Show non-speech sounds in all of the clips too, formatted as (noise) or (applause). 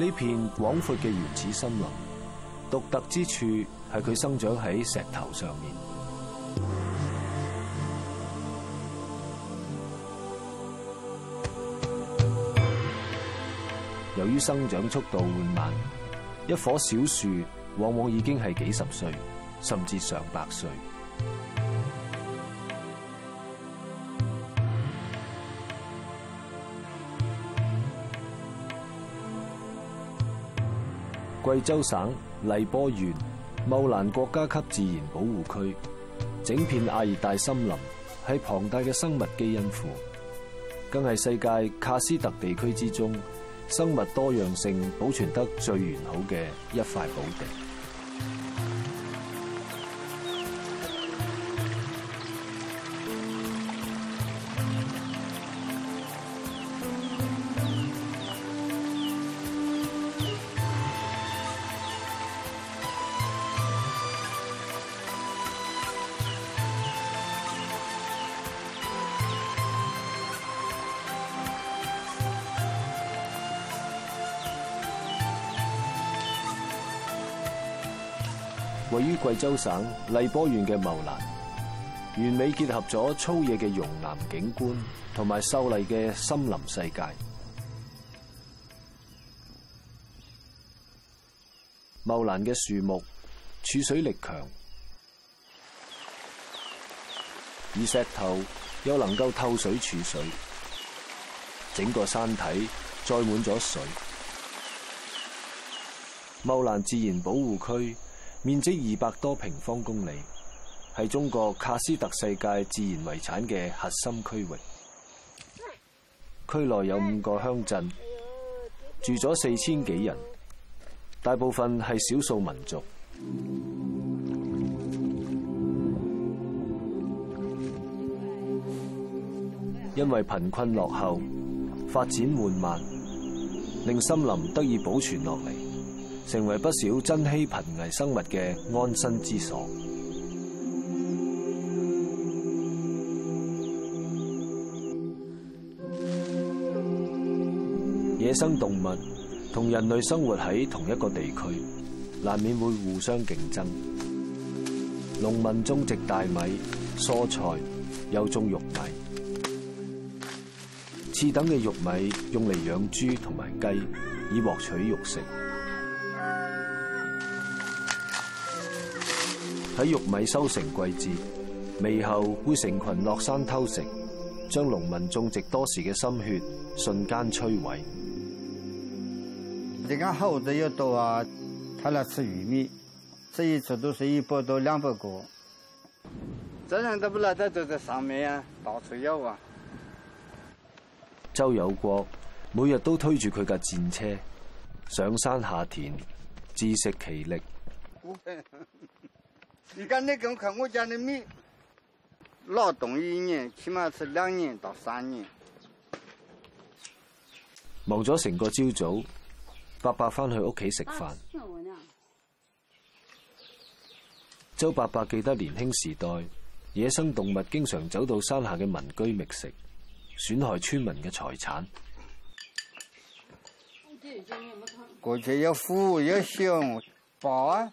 呢片廣闊嘅原始森林，獨特之處係佢生長喺石頭上面。由於生長速度緩慢，一棵小樹往往已經係幾十歲，甚至上百歲。貴州省荔波縣茂蘭國家級自然保護區，整片亞熱帶森林係龐大嘅生物基因庫，更係世界喀斯特地區之中生物多樣性保存得最完好嘅一塊寶地。位於貴州省荔波縣嘅茂蘭，完美結合咗粗野嘅溶岩景觀同埋秀麗嘅森林世界。茂蘭嘅樹木儲水力強，而石頭又能夠透水儲水，整個山體載滿咗水。茂蘭自然保護區，面積二百多平方公里，係中國喀斯特世界自然遺產嘅核心區域。區內有五個鄉鎮，住咗四千幾人，大部分係少數民族。因為貧困落後，發展緩慢，令森林得以保存落嚟。成為不少珍稀瀕危生物嘅安身之所。野生動物同人類生活喺同一個地區，難免會互相競爭。農民種植大米、蔬菜，又種玉米。次等嘅玉米用嚟養豬同埋雞，以獲取肉食。喺玉米收成季節，獼猴會成群落山偷食，將農民種植多時嘅心血瞬間摧毀。呢個猴子又多啊，佢嚟吃玉米，這一次都是一百多、兩百個。真人都不拉，都坐在上面，到處咬啊。周友國每日都推住佢架戰車，上山下田，自食其力。 (laughs) 你看看我家勞動一年。起碼是兩年到三年。忙咗成個朝早，伯伯翻去屋企食飯。爸爸周伯伯記得年輕時代，野生動物經常走到山下嘅民居覓食，損害村民嘅財產。國家要富要強，保安。爸爸我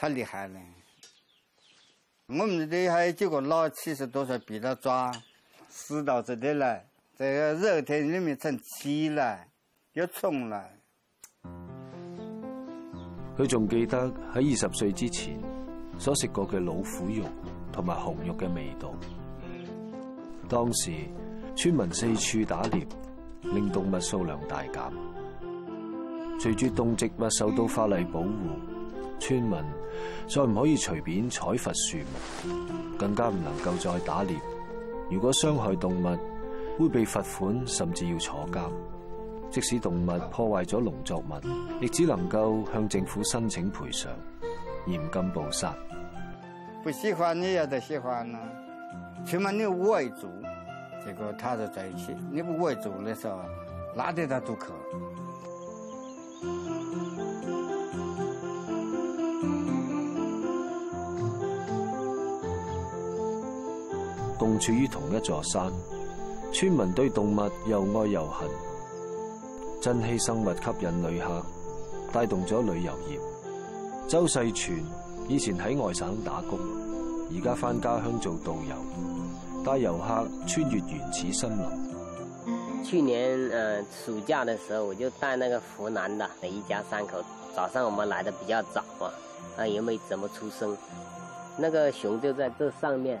太厲害了，我們呢啲還有幾個老七十多歲，俾佢抓，死到這裏來，喺、這個、熱天裏面成起啦，又重啦。佢仲記得喺二十歲之前所食過嘅老虎肉同埋紅肉嘅味道。嗯、當時村民四處打獵，令動物數量大減。隨住，動植物受到法例保護。嗯，保護村民再唔可以隨便採伐樹木，更加唔能夠再打獵。如果傷害動物，會被罰款甚至要坐監。即使動物破壞咗農作物，亦只能夠向政府申請賠償，嚴禁捕殺。不喜歡你也得喜歡啦。請問你唔會做，結他就在一起；你不外族那時候哪裏都去。你共處於同一座山，村民對動物又愛又恨。珍稀生物吸引旅客，帶動咗旅遊業。周世全以前喺外省打工，而家返家鄉做導遊，帶遊客穿越原始森林。去年，呃，暑假的時候，我就帶那個湖南的一家三口。早上我們來得比較早嘛，啊，又沒怎麼出聲。那個熊就喺這上面。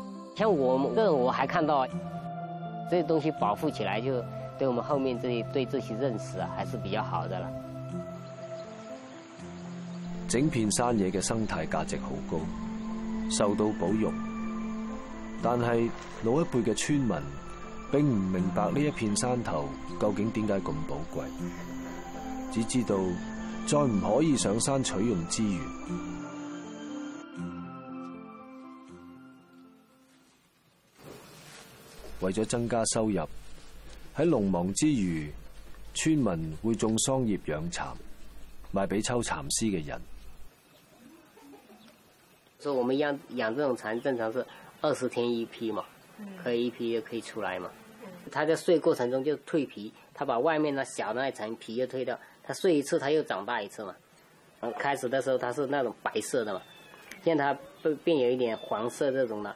像我們，我還看到，這些東西保護起來，就對我們後面些對這些認識還是比較好的了。整片山野嘅生態價值好高，受到保育，但係老一輩嘅村民並唔明白呢一片山頭究竟點解咁寶貴，只知道再唔可以上山取用資源。為咗增加收入，喺農忙之餘，村民會種桑葉養蠶，賣畀抽蠶絲嘅人。所以，我們養養這種蠶，正常是二十天一批嘛，可以一批又可以出來嘛。它在睡過程中就蛻皮，它把外面那小那一層皮又蛻掉。它睡一次，它又長大一次嘛。開始的時候它是那種白色的嘛，現在它會變有一點黃色這種啦。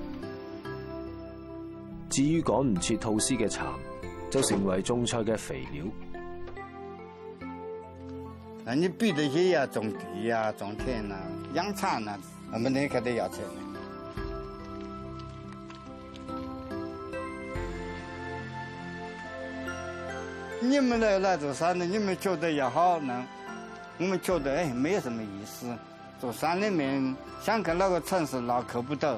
至於趕唔切吐絲嘅蠶，就成為種菜嘅肥料。你比度一要種地啊，種田啦，養蠶啦，咁樣你肯定要錢。 (music) 你們來來座山呢？你們覺得要好呢？我們覺得，誒、哎，沒有什麼意思。坐山裏面，想去哪個城市那去不到。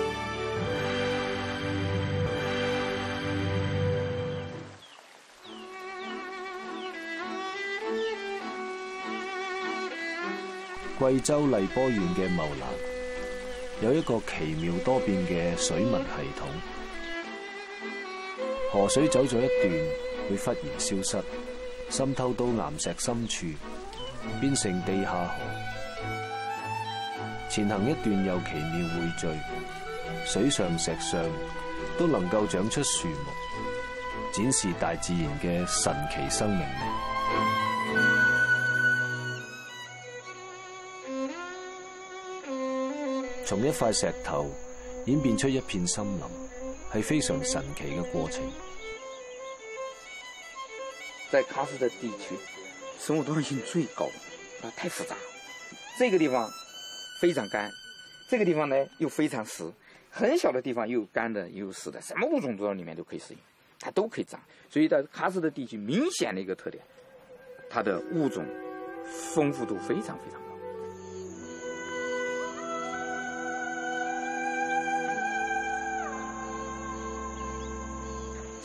貴州荔波縣嘅茂蘭有一個奇妙多變嘅水文系統，河水走咗一段會忽然消失，滲透到岩石深處，變成地下河；前行一段又奇妙匯聚，水上、石上都能夠長出樹木，展示大自然嘅神奇生命力。從一塊石頭演變出一片森林，是非常神奇的過程。在喀斯特地區，生物多樣性最高。啊，太複雜。這個地方非常乾，這個地方呢又非常濕，很小的地方又有乾的又有濕的，什麼物種都要裏面都可以適應，它都可以長。所以在喀斯特地區明顯的一個特點，它的物種豐富度非常非常。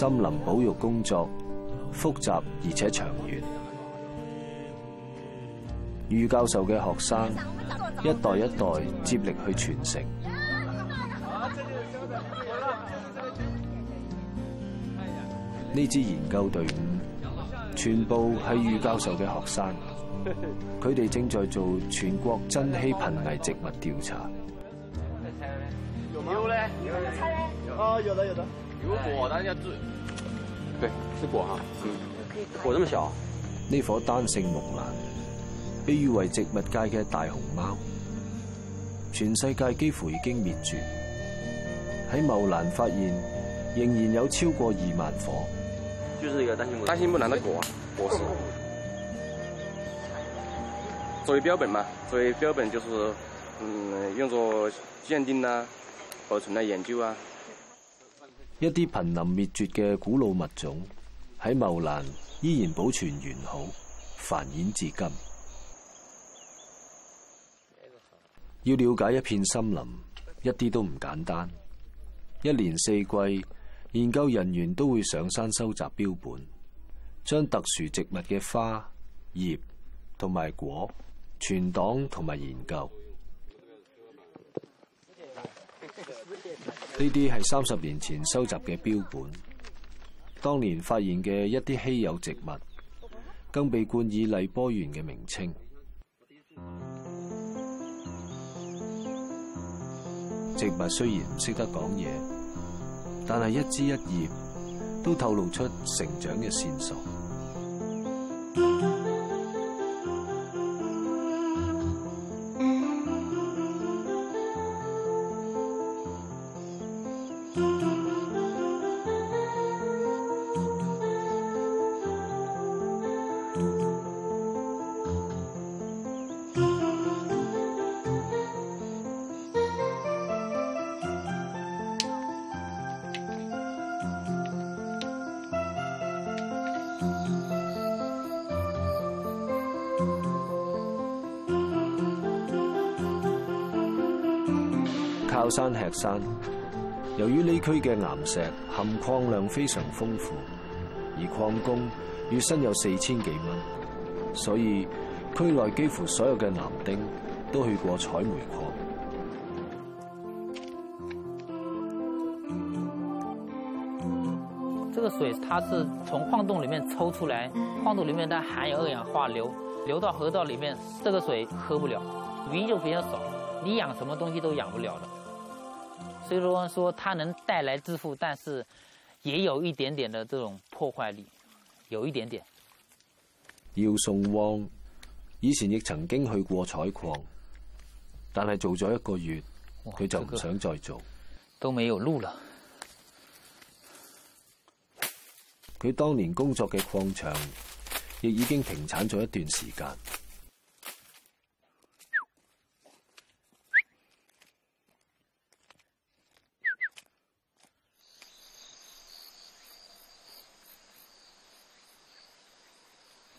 森林保育工作複雜而且長遠，余教授嘅學生一代一代接力去傳承。呢、yeah! yeah, 支研究隊伍、uh, yeah, 全部係余教授嘅學生，佢哋正在做全國珍稀瀕危植物調查。有咧，有得有得如果大家葉最對，是果哈、啊，嗯，果這麼小、啊？呢棵單性木蘭被譽為植物界嘅大熊貓，全世界幾乎已經滅絕，喺茂蘭發現仍然有超過二萬棵。就是一個單性木蘭的果，果實。是嗯、作為標本嘛，作為標本就是，嗯，用作鑑定啦、啊、保存啦、研究啊。一啲瀕臨滅絕嘅古老物種喺茂蘭依然保存完好，繁衍至今。要了解一片森林，一啲都唔簡單。一年四季，研究人員都會上山收集標本，將特殊植物嘅花、葉同埋果存檔同埋研究。呢啲係三十年前收集嘅標本，當年發現嘅一啲稀有植物，更被冠以荔波縣嘅名稱。植物雖然唔識得講嘢，但係一枝一葉都透露出成長嘅線索。靠山吃山，由於呢區嘅岩石含礦量非常豐富，而礦工月薪有四千幾蚊，所以區內幾乎所有嘅男丁都去過採煤礦。嗯嗯、這個水它是從礦洞裏面抽出來，礦洞裏面它含有二氧化硫，流到河道裏面，這個水喝不了，魚就比較少，你養什麼東西都養不了的。雖說，說它能帶來致富，但是也有一點點的這種破壞力，有一點點。姚松旺以前亦曾經去過採礦，但係做咗一個月，佢就唔想再做。這個，都沒有路了。佢當年工作嘅礦場亦已經停產咗一段時間。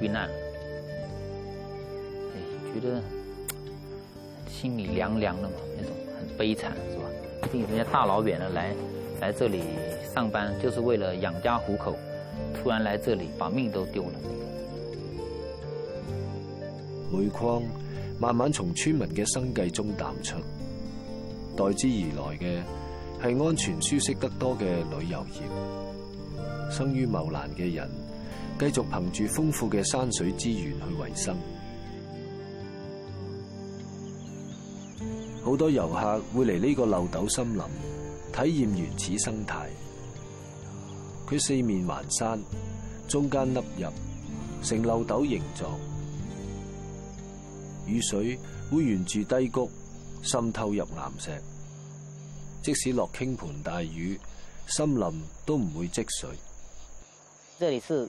遇難了，哎，覺得心裏涼涼的嘛，那種很悲慘，是吧？畢竟人家大老遠的來，來這裏上班就是為了養家糊口，突然來這裏把命都丟了。煤礦慢慢從村民嘅生計中淡出，代之而來嘅係安全舒適得多嘅旅遊業。生於茂蘭嘅人，繼續憑住豐富嘅山水資源去維生，好多遊客會嚟呢個漏斗森林體驗原始生態。佢四面環山，中間凹入成漏斗形狀，雨水會沿住低谷滲透入岩石。即使落傾盆大雨，森林都唔會積水。這裡是。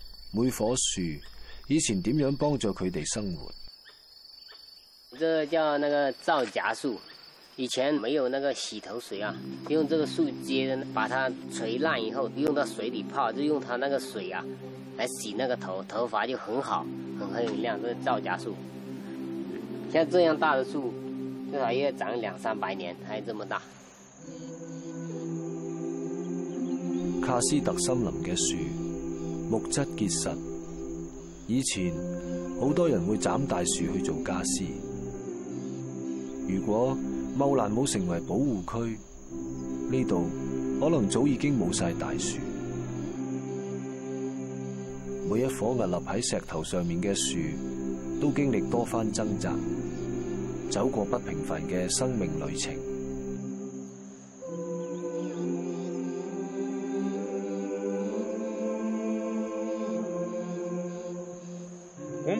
每棵樹以前點樣幫助佢哋生活？這個叫那個皂莢樹，以前沒有那個洗頭水啊，用這個樹接，把它捶爛以後用到水裏泡，就用它那個水啊，來洗那個頭，頭髮就很好，很很有亮。這個皂莢樹，像這樣大的樹，最少要長兩三百年，才這麼大。喀斯特森林嘅樹。木質結實，以前好多人會斬大樹去做家私。如果茂蘭冇成為保護區，呢度可能早已經冇晒大樹。每一棵屹立喺石頭上面嘅樹，都經歷多番掙扎，走過不平凡嘅生命旅程。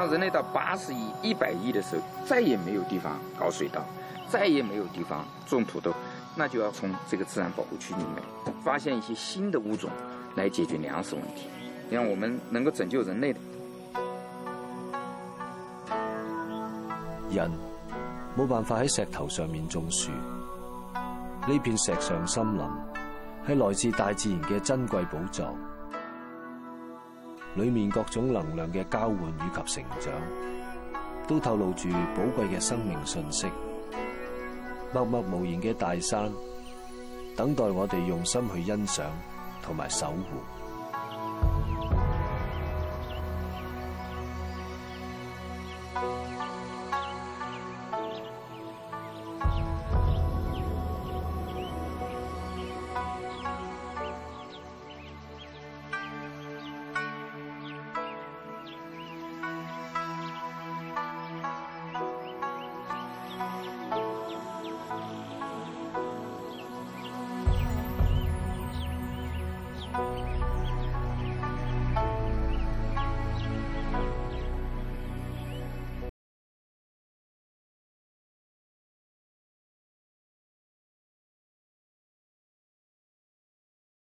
當人類到八十億、一百億的時候，再也沒有地方搞水稻，再也沒有地方種土豆，那就要從這個自然保護區裏面發現一些新的物種，來解決糧食問題，讓我們能夠拯救人類的。人，冇辦法喺石頭上面種樹。呢片石上森林，係來自大自然嘅珍貴寶藏。裏面各種能量嘅交換以及成長，都透露住寶貴嘅生命訊息。默默無言嘅大山，等待我哋用心去欣賞同埋守護。